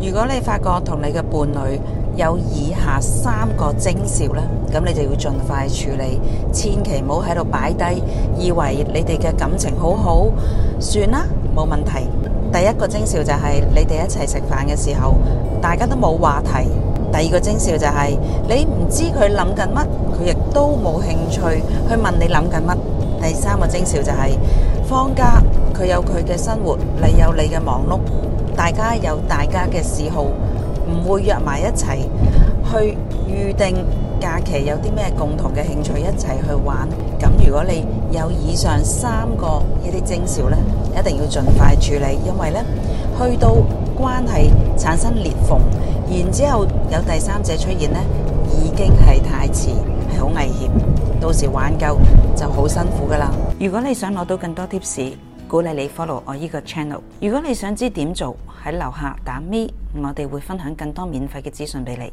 如果你發覺同你嘅伴侶有以下三個徵兆呢，咁你就要盡快處理，千祈唔好喺度擺低，以為你哋嘅感情好好，算啦，冇問題。第一個徵兆就係你哋一齊食飯嘅時候，大家都冇話題；第二個徵兆就係你唔知佢諗緊乜，佢亦都冇興趣去問你諗緊乜；第三個徵兆就係放假，佢有佢嘅生活，你有你嘅忙碌。大家有大家嘅嗜好，唔會約埋一齊去預定假期，有啲咩共同嘅興趣一齊去玩。咁如果你有以上三個呢啲徵兆咧，一定要盡快處理，因為呢，去到關係產生裂縫，然之後有第三者出現呢，已經係太遲，係好危險，到時挽救就好辛苦㗎喇。如果你想攞到更多 tips，鼓勵你 follow 我呢個 channel。如果你想知點做，喺樓下打 me，我哋會分享更多免費嘅資訊畀你。